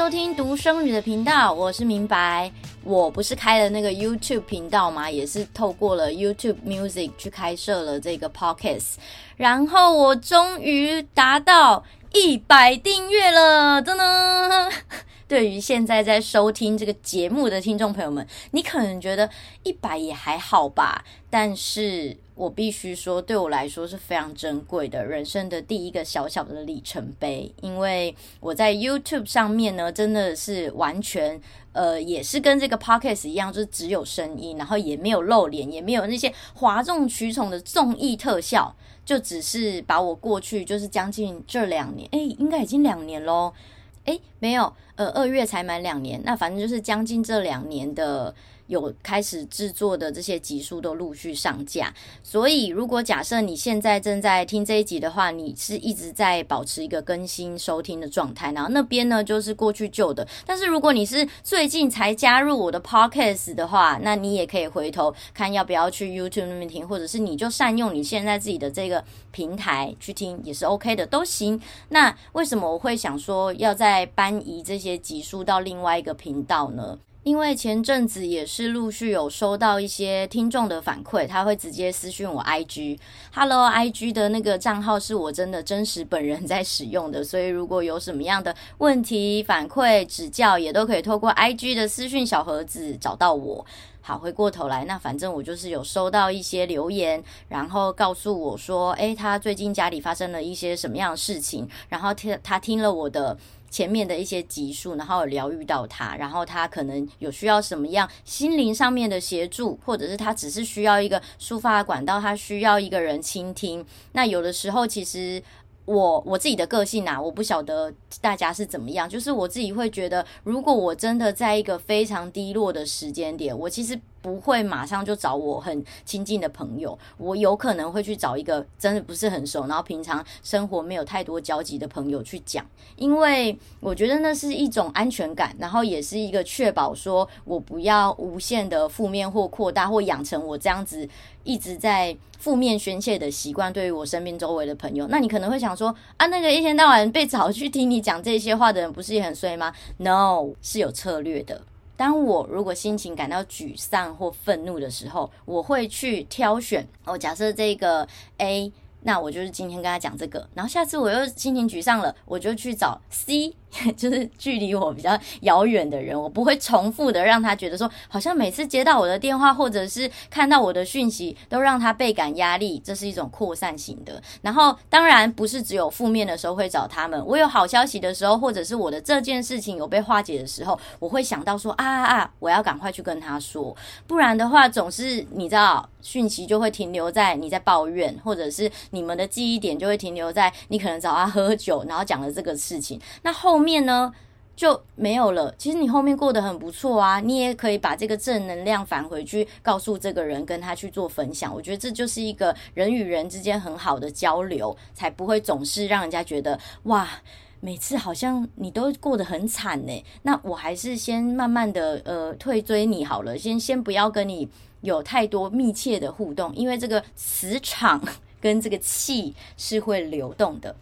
收聽獨生女的頻道，我是明白。我不是開了那個 YouTube 頻道嘛，也是透過了 YouTube Music 去開設了這個 Podcast，然後我終於達到一百訂閱了，真的。對於現在在收聽這個節目的聽眾朋友們，你可能覺得一百也還好吧，但是我必須說，對我來說是非常珍貴的人生的第一個小小的里程碑，因為我在 YouTube 上面呢，真的是完全呃，也是跟這個 Podcast 一樣，就是只有聲音，然後也沒有露臉，也沒有那些嘩眾取寵的綜藝特效，就只是把我過去就是將近這兩年，誒，應該已經兩年嘍。誒沒有，呃，二月才滿兩年，那反正就是將近這兩年的。有開始制作的這些集數都陸續上架，所以如果假設你現在正在聽這一集的話，你是一直在保持一個更新收聽的狀態。然後那邊呢，就是過去舊的。但是如果你是最近才加入我的 podcast 的話，那你也可以回頭看要不要去 YouTube 那邊聽，或者是你就善用你現在自己的這個平台去聽，也是 OK 的，都行。那為什麼我會想說要再搬移這些集數到另外一個頻道呢？因為前陣子也是陸續有收到一些聽眾的反饋，他會直接私訊我 IG，Hello IG 的那個賬號是我真的真實本人在使用的，所以如果有什麼樣的問題反饋指教，也都可以透過 IG 的私訊小盒子找到我。好，回過頭來，那反正我就是有收到一些留言，然後告訴我說，誒，他最近家裡發生了一些什麼樣的事情，然後聽他聽了我的。前面的一些集數，然後有療癒到他，然後他可能有需要什麼樣心靈上面的協助，或者是他只是需要一個抒發管道，他需要一個人傾聽。那有的時候，其實我我自己的個性啊，我不曉得大家是怎麼樣，就是我自己會覺得，如果我真的在一個非常低落的時間點，我其實。不會馬上就找我很親近的朋友，我有可能會去找一個真的不是很熟，然後平常生活沒有太多交集的朋友去講，因為我覺得那是一種安全感，然後也是一個確保說我不要無限的負面或擴大或養成我這樣子一直在負面宣洩的習慣，對於我身邊周圍的朋友。那你可能會想說啊，那個一天到晚被找去聽你講這些話的人，不是也很衰嗎？No，是有策略的。當我如果心情感到沮喪或憤怒的時候，我會去挑選。我、哦、假設這個 A，那我就是今天跟他講這個。然後下次我又心情沮喪了，我就去找 C。 就是距離我比較遙遠的人，我不會重複的讓他覺得說，好像每次接到我的電話或者是看到我的訊息，都讓他倍感壓力。這是一種擴散型的。然後當然不是只有負面的時候會找他們，我有好消息的時候，或者是我的這件事情有被化解的時候，我會想到說啊，啊啊，我要趕快去跟他說，不然的話總是你知道訊息就會停留在你在抱怨，或者是你們的記憶點就會停留在你可能找他喝酒，然後講了這個事情，那後。後面呢就沒有了。其實你後面過得很不錯啊，你也可以把這個正能量返回去，告訴這個人，跟他去做分享。我覺得這就是一個人與人之間很好的交流，才不會總是讓人家覺得哇，每次好像你都過得很慘呢欸。那我還是先慢慢的呃退追你好了，先先不要跟你有太多密切的互動，因為這個磁場跟這個氣是會流動的。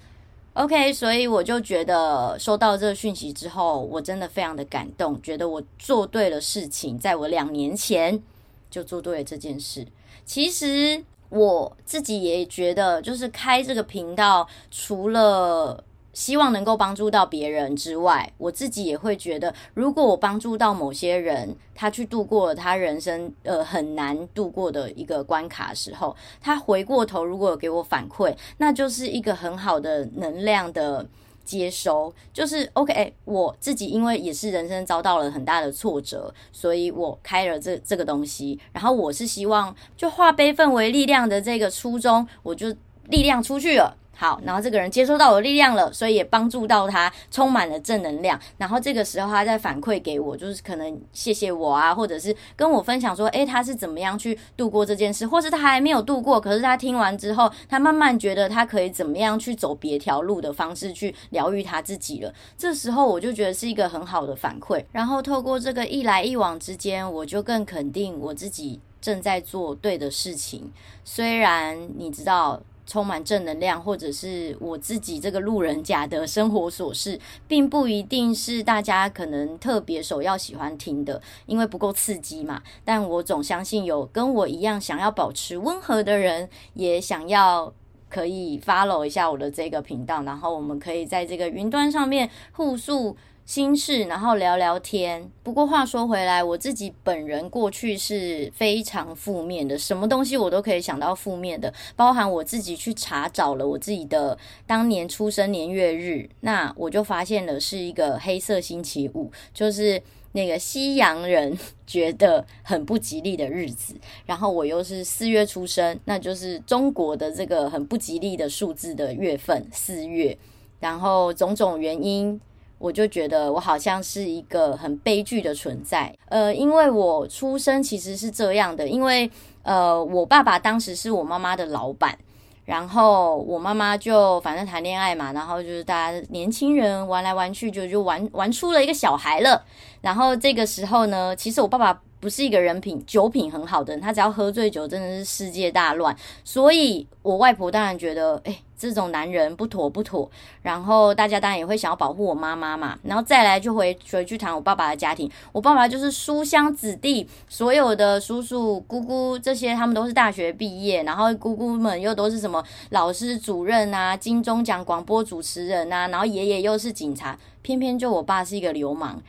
OK，所以我就覺得收到這個訊息之後，我真的非常的感動，覺得我做對了事情，在我兩年前就做對了這件事。其實我自己也覺得，就是開這個頻道，除了希望能夠幫助到別人之外，我自己也會覺得，如果我幫助到某些人，他去度過了他人生呃很難度過的一個關卡時候，他回過頭，如果有給我反饋，那就是一個很好的能量的接收。就是 OK，我自己因為也是人生遭到了很大的挫折，所以我開了這這個東西，然後我是希望就化悲憤為力量的這個初衷，我就力量出去了。好，然後這個人接收到我的力量了，所以也幫助到他，充滿了正能量。然後這個時候，他再反饋給我，就是可能謝謝我啊，或者是跟我分享說，誒、欸，他是怎麼樣去度過這件事，或是他還沒有度過，可是他聽完之後，他慢慢覺得他可以怎麼樣去走別條路的方式去療癒他自己了。這時候我就覺得是一個很好的反饋。然後透過這個一來一往之間，我就更肯定我自己正在做對的事情。雖然你知道。充滿正能量，或者是我自己這個路人甲的生活瑣事，並不一定是大家可能特別首要喜歡聽的，因為不夠刺激嘛。但我總相信有跟我一樣想要保持溫和的人，也想要可以 follow 一下我的這個頻道，然後我們可以在這個雲端上面互訴。心事，然後聊聊天。不過話說回來，我自己本人過去是非常負面的，什麼東西我都可以想到負面的。包含我自己去查找了我自己的當年出生年月日，那我就發現了是一個黑色星期五，就是那個西洋人覺得很不吉利的日子。然後我又是四月出生，那就是中國的這個很不吉利的數字的月份，四月，然後種種原因。我就覺得我好像是一個很悲劇的存在，呃，因為我出生其實是這樣的，因為呃，我爸爸當時是我媽媽的老板，然後我媽媽就反正談戀愛嘛，然後就是大家年輕人玩來玩去，就就玩玩出了一個小孩了，然後這個時候呢，其實我爸爸。不是一個人品酒品很好的人，他只要喝醉酒，真的是世界大亂。所以，我外婆當然覺得，哎、欸，這種男人不妥不妥。然後，大家當然也會想要保護我媽媽嘛。然後再來就回回去談我爸爸的家庭。我爸爸就是書香子弟，所有的叔叔姑姑這些，他們都是大學畢業。然後，姑姑們又都是什麼老師、主任啊，金鐘獎廣播主持人啊。然後，爺爺又是警察，偏偏就我爸是一個流氓，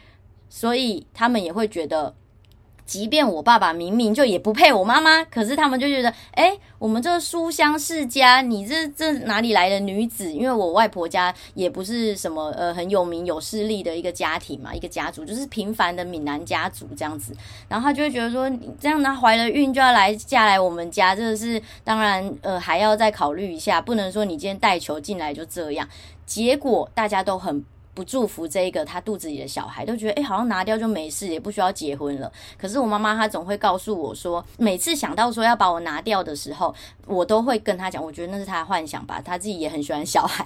所以他們也會覺得。即便我爸爸明明就也不配我媽媽，可是他們就覺得，哎，我們這書香世家，你這這哪裡來的女子？因為我外婆家也不是什麼呃很有名有勢力的一個家庭嘛，一個家族就是平凡的閩南家族這樣子。然後他就會覺得說，你這樣她懷了孕就要來嫁來我們家，這個是，當然呃還要再考慮一下，不能說你今天帶球進來就這樣。結果大家都很。不祝福這個她肚子裡的小孩，都覺得誒、欸，好像拿掉就沒事，也不需要結婚了。可是我媽媽她總會告訴我說，每次想到說要把我拿掉的時候，我都會跟她講，我覺得那是她的幻想吧，她自己也很喜歡小孩，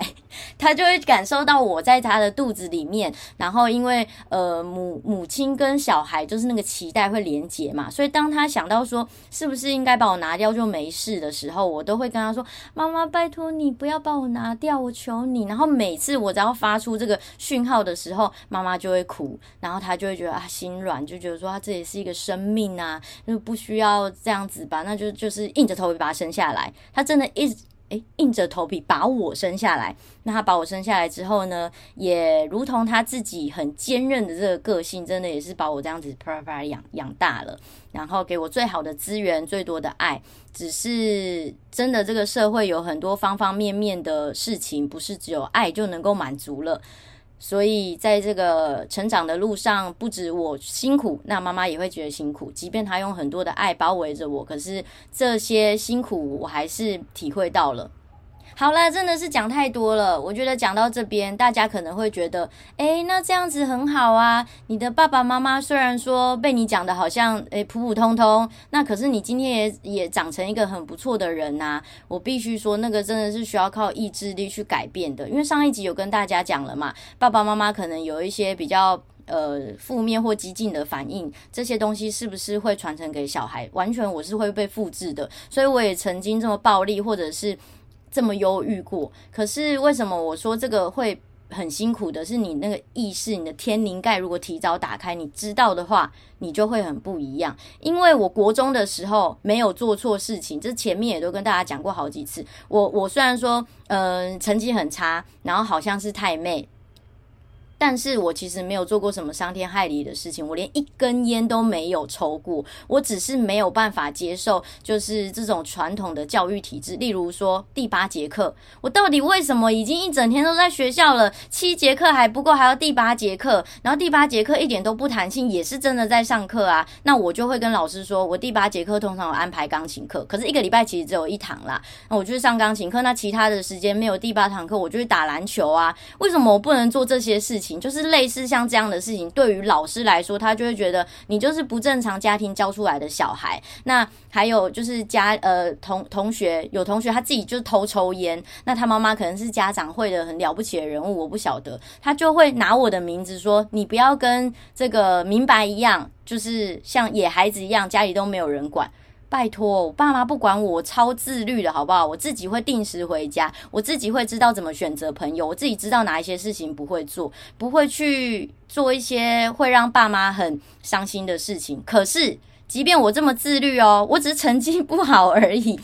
她就會感受到我在她的肚子裡面。然後因為呃母母親跟小孩就是那個臍帶會連結嘛，所以當她想到說是不是應該把我拿掉就沒事的時候，我都會跟她說，媽媽拜托你不要把我拿掉，我求你。然後每次我只要發出這個。訊號的時候，媽媽就會哭，然後她就會覺得啊，心軟，就覺得說她、啊、這也是一個生命啊，就不需要這樣子吧，那就就是硬着頭皮把她生下來。她真的一直誒，硬着頭皮把我生下來。那她把我生下來之後呢，也如同她自己很堅韌的這個個性，真的也是把我這樣子啪啪啪養養大了，然後給我最好的資源、最多的愛。只是真的，這個社會有很多方方面面的事情，不是只有愛就能夠滿足了。所以，在這個成長的路上，不止我辛苦，那媽媽也會覺得辛苦。即便她用很多的愛包圍着我，可是這些辛苦，我還是體會到了。好了，真的是講太多了。我覺得講到這邊，大家可能會覺得，誒、欸，那這樣子很好啊。你的爸爸媽媽雖然說被你講的好像，誒、欸、普普通通，那可是你今天也也長成一個很不錯的人吶、啊。我必須說，那個真的是需要靠意志力去改變的。因為上一集有跟大家講了嘛，爸爸媽媽可能有一些比較呃負面或激進的反應，這些東西是不是會傳承給小孩？完全我是會被複製的。所以我也曾經這麼暴力，或者是。這麼憂鬱過，可是為什麼我說這個會很辛苦的？是你那個意識，你的天靈蓋如果提早打開，你知道的話，你就會很不一樣。因為我國中的時候沒有做錯事情，這前面也都跟大家講過好幾次。我我雖然說，嗯、呃，成績很差，然後好像是太妹，但是我其實沒有做過什麼傷天害理的事情，我連一根煙都沒有抽過。我只是沒有辦法接受，就是這種傳統的教育體制。例如說第八節課，我到底為什麼已經一整天都在學校了？七節課還不夠，還要第八節課？然後第八節課一點都不彈性，也是真的在上課啊。那我就會跟老師說，我第八節課通常有安排鋼琴課，可是一個禮拜其實只有一堂啦。那我就上鋼琴課，那其他的時間沒有第八堂課，我就去打籃球啊。為什麼我不能做這些事情？就是類似像這樣的事情，對於老師來說，他就會覺得你就是不正常家庭教出來的小孩。那還有就是家，呃，同同學，有同學他自己就偷抽煙，那他媽媽可能是家長會的很了不起的人物，我不曉得，他就會拿我的名字說，你不要跟這個明白一樣，就是像野孩子一樣，家裡都沒有人管。拜託，我爸媽不管我，我超自律的，好不好？我自己會定時回家，我自己會知道怎麼選擇朋友，我自己知道哪一些事情不會做，不會去做一些會讓爸媽很傷心的事情。可是，即便我這麼自律哦，我只是成績不好而已，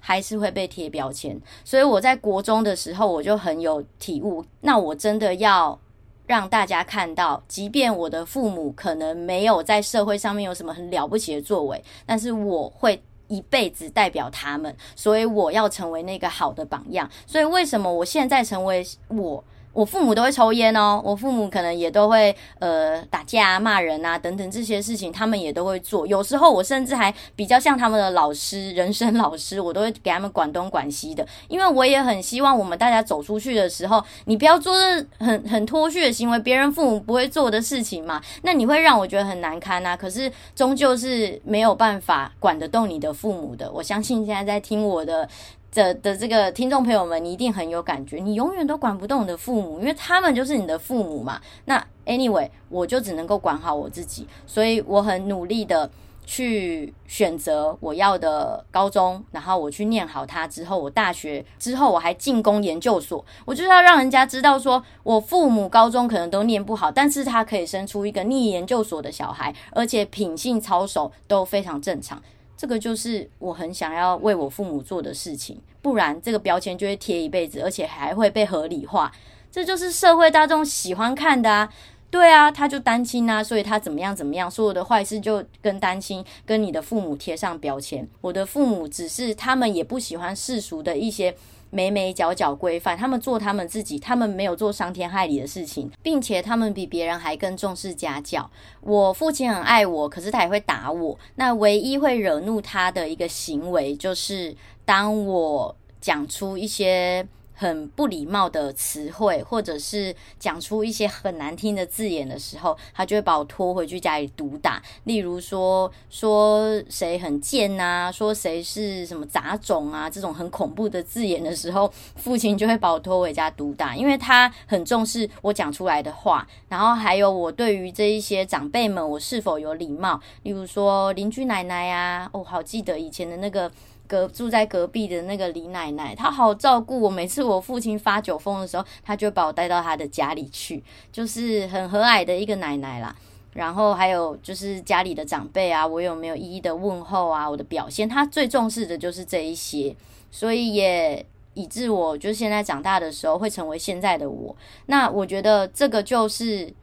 還是會被貼標籤。所以我在國中的時候，我就很有體悟，那我真的要。讓大家看到，即便我的父母可能沒有在社會上面有什麼很了不起的作為，但是我會一輩子代表他們，所以我要成為那個好的榜樣。所以為什麼我現在成為我？我父母都會抽煙哦，我父母可能也都會呃打架啊、罵人啊等等這些事情，他們也都會做。有時候我甚至還比較像他們的老師、人生老師，我都會給他們管東管西的，因為我也很希望我們大家走出去的時候，你不要做這很很脫序的行為，別人父母不會做的事情嘛，那你會讓我覺得很難堪啊。可是終究是沒有辦法管得動你的父母的，我相信現在在聽我的，的的這個聽眾朋友們，你一定很有感覺。你永遠都管不動你的父母，因為他們就是你的父母嘛。那 anyway，我就只能夠管好我自己，所以我很努力的去選擇我要的高中，然後我去念好它。之後我大學之後，我還進攻研究所，我就是要讓人家知道說，我父母高中可能都念不好，但是他可以生出一個念研究所的小孩，而且品性操守都非常正常。這個就是我很想要為我父母做的事情，不然這個標籤就會貼一輩子，而且還會被合理化。這就是社會大眾喜歡看的啊，對啊，他就單親啊，所以他怎麼樣怎麼樣，所有的壞事就跟單親跟你的父母貼上標籤。我的父母只是他們也不喜歡世俗的一些。眉眉角角規範，他們做他們自己，他們沒有做傷天害理的事情，並且他們比別人還更重視家教。我父親很愛我，可是他也會打我。那唯一會惹怒他的一個行為，就是當我講出一些。很不禮貌的詞彙，或者是講出一些很難聽的字眼的時候，他就會把我拖回去家裡毒打。例如說，說誰很賤吶，說誰是什麼雜種啊，這種很恐怖的字眼的時候，父親就會把我拖回家毒打，因為他很重視我講出來的話，然後還有我對於這一些長輩們我是否有禮貌。例如說鄰居奶奶啊，我、哦、好記得以前的那個。隔住在隔壁的那個李奶奶，她好照顧我。每次我父親發酒瘋的時候，她就把我帶到她的家裡去，就是很和藹的一個奶奶啦。然後還有就是家裡的長輩啊，我有沒有一一的問候啊？我的表現，她最重視的就是這一些，所以也以致我就現在長大的時候會成為現在的我。那我覺得這個就是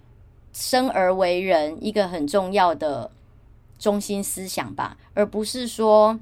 生而為人一個很重要的中心思想吧，而不是說。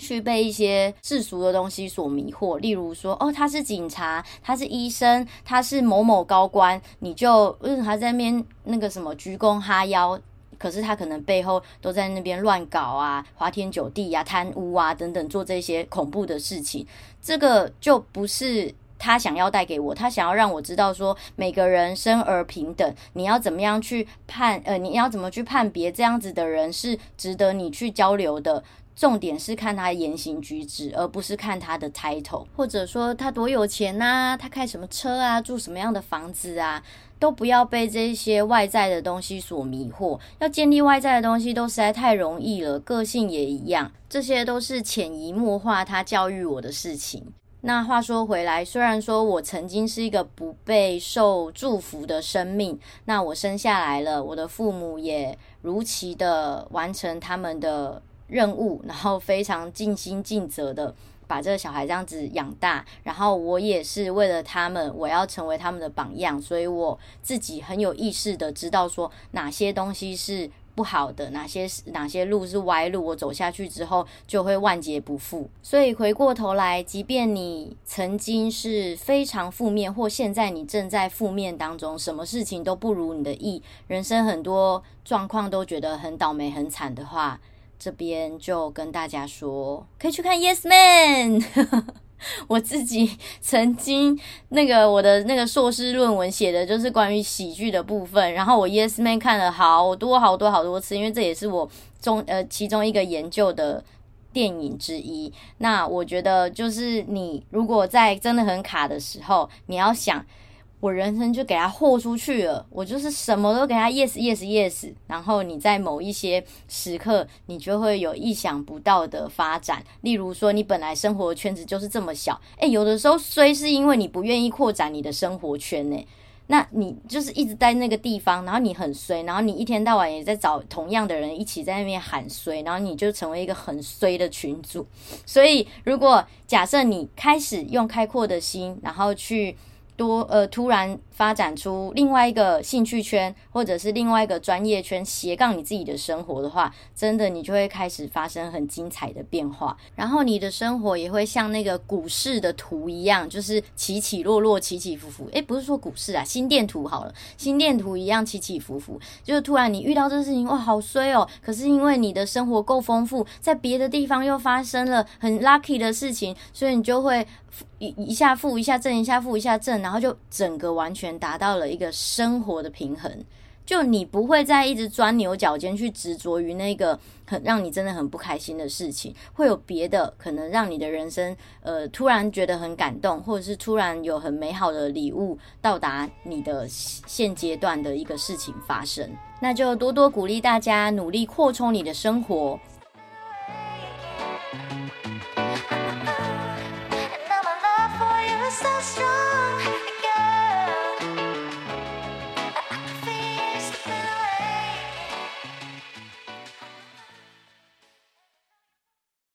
去被一些世俗的東西所迷惑，例如說，哦，他是警察，他是醫生，他是某某高官，你就，嗯，他在那邊那個什麼鞠躬哈腰，可是他可能背後都在那邊亂搞啊，花天酒地啊，貪污啊等等，做這些恐怖的事情，這個就不是他想要帶給我，他想要讓我知道說，每個人生而平等，你要怎麼樣去判，呃，你要怎麼去判別這樣子的人是值得你去交流的。重點是看他言行舉止，而不是看他的 title，或者說他多有錢吶、啊，他開什麼車啊，住什麼樣的房子啊，都不要被這些外在的東西所迷惑。要建立外在的東西都實在太容易了，個性也一樣，這些都是潛移默化他教育我的事情。那話說回來，雖然說我曾經是一個不備受祝福的生命，那我生下來了，我的父母也如期的完成他們的。任務，然後非常盡心盡責的把這個小孩這樣子養大，然後我也是為了他們，我要成為他們的榜樣，所以我自己很有意識的知道說哪些東西是不好的，哪些哪些路是歪路，我走下去之後就會萬劫不復。所以回過頭來，即便你曾經是非常負面，或現在你正在負面當中，什麼事情都不如你的意，人生很多狀況都覺得很倒霉、很慘的話。這邊就跟大家說，可以去看《Yes Man。》 我自己曾經那個我的那個碩士論文寫的就是關於喜劇的部分，然後我《Yes Man》看了好多好多好多次，因為這也是我中呃其中一個研究的電影之一。那我覺得就是你如果在真的很卡的時候，你要想。我人生就給他豁出去了，我就是什麼都給他 yes yes yes。然後你在某一些時刻，你就會有意想不到的發展。例如說，你本來生活的圈子就是這麼小，誒、欸，有的時候衰是因為你不願意擴展你的生活圈誒、欸，那你就是一直在那個地方，然後你很衰，然後你一天到晚也在找同樣的人一起在那邊喊衰，然後你就成為一個很衰的群主。所以，如果假設你開始用開闊的心，然後去。多呃，突然。發展出另外一個興趣圈，或者是另外一個專業圈，斜槓你自己的生活的話，真的你就會開始發生很精彩的變化，然後你的生活也會像那個股市的圖一樣，就是起起落落，起起伏伏。誒、欸，不是說股市啊，心電圖好了，心電圖一樣起起伏伏，就是突然你遇到這事情，哇，好衰哦。可是因為你的生活夠豐富，在別的地方又發生了很 lucky 的事情，所以你就會一一下負一下正，一下負一下正，然後就整個完全。達到了一個生活的平衡，就你不會再一直鑽牛角尖，去執着於那個很讓你真的很不開心的事情，會有別的可能讓你的人生呃突然覺得很感動，或者是突然有很美好的禮物到達你的現階段的一個事情發生，那就多多鼓勵大家努力擴充你的生活。